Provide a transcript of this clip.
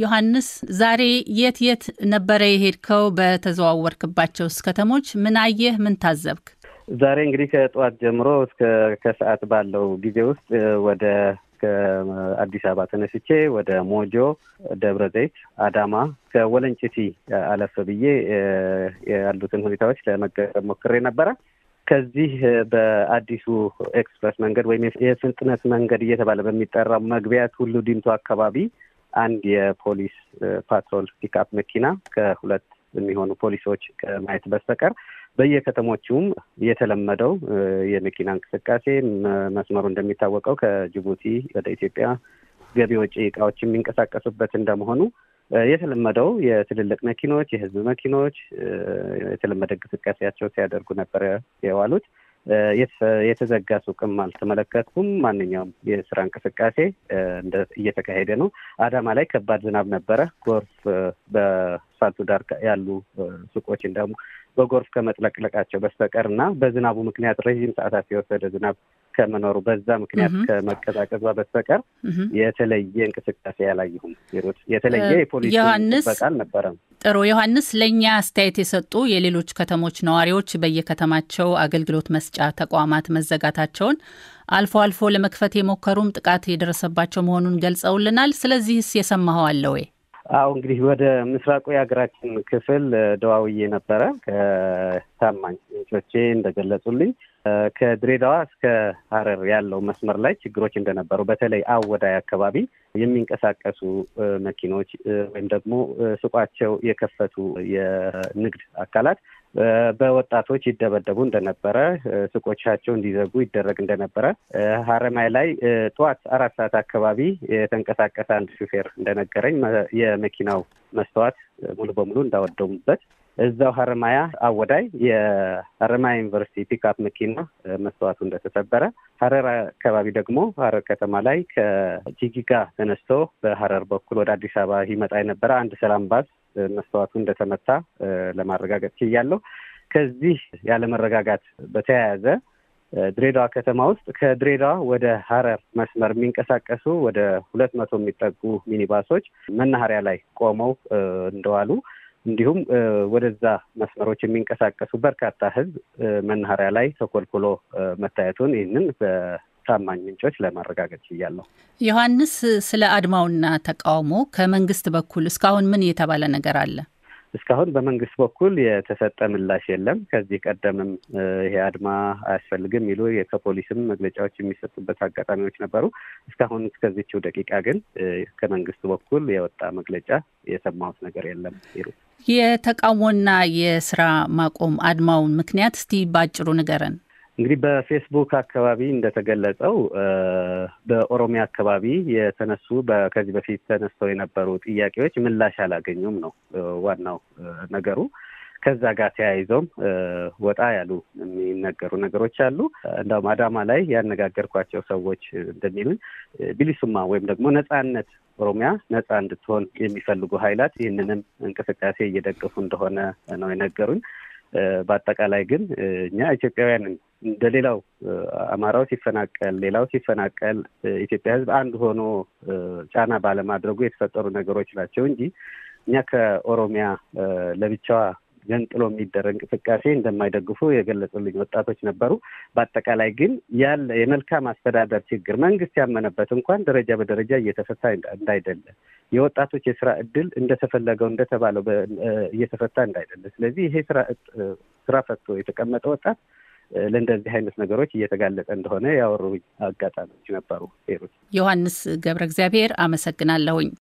ዮሐንስ ዛሬ የት የት ነበረ የሄድከው? በተዘዋወርክባቸውስ ከተሞች ምን አየህ? ምን ታዘብክ? ዛሬ እንግዲህ ከጠዋት ጀምሮ እስከ ከሰዓት ባለው ጊዜ ውስጥ ወደ ከአዲስ አበባ ተነስቼ ወደ ሞጆ፣ ደብረ ዘይት፣ አዳማ ከወለንጭቲ አለፍ ብዬ ያሉትን ሁኔታዎች ለመገረብ ሞክሬ ነበረ። ከዚህ በአዲሱ ኤክስፕረስ መንገድ ወይም የፍጥነት መንገድ እየተባለ በሚጠራው መግቢያት ሁሉ ዲምቶ አካባቢ አንድ የፖሊስ ፓትሮል ፒክአፕ መኪና ከሁለት የሚሆኑ ፖሊሶች ከማየት በስተቀር በየከተሞቹም የተለመደው የመኪና እንቅስቃሴ መስመሩ እንደሚታወቀው ከጅቡቲ ወደ ኢትዮጵያ ገቢ ወጪ እቃዎች የሚንቀሳቀሱበት እንደመሆኑ የተለመደው የትልልቅ መኪኖች፣ የህዝብ መኪኖች የተለመደ እንቅስቃሴያቸው ሲያደርጉ ነበረ የዋሉት። የተዘጋ ሱቅም አልተመለከትኩም። ማንኛውም የስራ እንቅስቃሴ እየተካሄደ ነው። አዳማ ላይ ከባድ ዝናብ ነበረ። ጎርፍ በአስፋልቱ ዳር ያሉ ሱቆችን ደግሞ በጎርፍ ከመጥለቅለቃቸው በስተቀር እና በዝናቡ ምክንያት ረዥም ሰዓታት የወሰደ ዝናብ ከመኖሩ በዛ ምክንያት ከመቀዛቀዟ በስተቀር የተለየ እንቅስቃሴ ያላየሁም። ሩት የተለየ የፖሊስ በቃል አልነበረም። ጥሩ ዮሐንስ፣ ለእኛ አስተያየት የሰጡ የሌሎች ከተሞች ነዋሪዎች በየከተማቸው አገልግሎት መስጫ ተቋማት መዘጋታቸውን አልፎ አልፎ ለመክፈት የሞከሩም ጥቃት የደረሰባቸው መሆኑን ገልጸውልናል። ስለዚህስ የሰማኸው አለ ወይ? አሁ እንግዲህ ወደ ምስራቁ የሀገራችን ክፍል ደዋውዬ ነበረ። ከታማኝ ምንጮቼ እንደገለጹልኝ ከድሬዳዋ እስከ ሀረር ያለው መስመር ላይ ችግሮች እንደነበሩ በተለይ አወዳይ አካባቢ የሚንቀሳቀሱ መኪኖች ወይም ደግሞ ሱቋቸው የከፈቱ የንግድ አካላት በወጣቶች ይደበደቡ እንደነበረ፣ ሱቆቻቸው እንዲዘጉ ይደረግ እንደነበረ ሀረማያ ላይ ጠዋት አራት ሰዓት አካባቢ የተንቀሳቀሰ አንድ ሹፌር እንደነገረኝ የመኪናው መስተዋት ሙሉ በሙሉ እንዳወደሙበት እዛው ሀረማያ አወዳይ የሀረማያ ዩኒቨርሲቲ ፒክአፕ መኪና መስተዋቱ እንደተሰበረ፣ ሀረር አካባቢ ደግሞ ሀረር ከተማ ላይ ከጂጊጋ ተነስቶ በሀረር በኩል ወደ አዲስ አበባ ይመጣ የነበረ አንድ ሰላም ባስ መስተዋቱ እንደተመታ ለማረጋገጥ ችያለሁ። ከዚህ ያለመረጋጋት በተያያዘ ድሬዳዋ ከተማ ውስጥ ከድሬዳዋ ወደ ሀረር መስመር የሚንቀሳቀሱ ወደ ሁለት መቶ የሚጠጉ ሚኒባሶች መናኸሪያ ላይ ቆመው እንደዋሉ እንዲሁም ወደዛ መስመሮች የሚንቀሳቀሱ በርካታ ሕዝብ መናኸሪያ ላይ ተኮልኩሎ መታየቱን ይህንን ታማኝ ምንጮች ለማረጋገጥ ችያለሁ። ዮሐንስ፣ ስለ አድማውና ተቃውሞ ከመንግስት በኩል እስካሁን ምን የተባለ ነገር አለ? እስካሁን በመንግስት በኩል የተሰጠ ምላሽ የለም። ከዚህ ቀደምም ይሄ አድማ አያስፈልግም የሚሉ ከፖሊስም መግለጫዎች የሚሰጡበት አጋጣሚዎች ነበሩ። እስካሁን እስከዚችው ደቂቃ ግን ከመንግስት በኩል የወጣ መግለጫ የሰማሁት ነገር የለም። ሩት፣ የተቃውሞና የስራ ማቆም አድማውን ምክንያት እስቲ ባጭሩ ንገረን። እንግዲህ በፌስቡክ አካባቢ እንደተገለጸው በኦሮሚያ አካባቢ የተነሱ ከዚህ በፊት ተነስተው የነበሩ ጥያቄዎች ምላሽ አላገኙም ነው ዋናው ነገሩ። ከዛ ጋር ተያይዘውም ወጣ ያሉ የሚነገሩ ነገሮች አሉ። እንደውም አዳማ ላይ ያነጋገርኳቸው ሰዎች እንደሚሉኝ ቢሊሱማ ወይም ደግሞ ነጻነት ኦሮሚያ ነጻ እንድትሆን የሚፈልጉ ኃይላት ይህንንም እንቅስቃሴ እየደገፉ እንደሆነ ነው የነገሩኝ። በአጠቃላይ ግን እኛ ኢትዮጵያውያንን እንደ ሌላው አማራው ሲፈናቀል፣ ሌላው ሲፈናቀል ኢትዮጵያ ሕዝብ አንድ ሆኖ ጫና ባለማድረጉ የተፈጠሩ ነገሮች ናቸው እንጂ እኛ ከኦሮሚያ ለብቻዋ ገንጥሎ የሚደረግ እንቅስቃሴ እንደማይደግፉ የገለጹልኝ ወጣቶች ነበሩ። በአጠቃላይ ግን ያለ የመልካም አስተዳደር ችግር መንግስት ያመነበት እንኳን ደረጃ በደረጃ እየተፈታ እንዳይደለ የወጣቶች የስራ እድል እንደተፈለገው እንደተባለው እየተፈታ እንዳይደለ። ስለዚህ ይሄ ስራ ፈቶ የተቀመጠ ወጣት ለእንደዚህ አይነት ነገሮች እየተጋለጠ እንደሆነ ያወሩ አጋጣሚዎች ነበሩ። ሄሮች ዮሐንስ ገብረ እግዚአብሔር አመሰግናለሁኝ።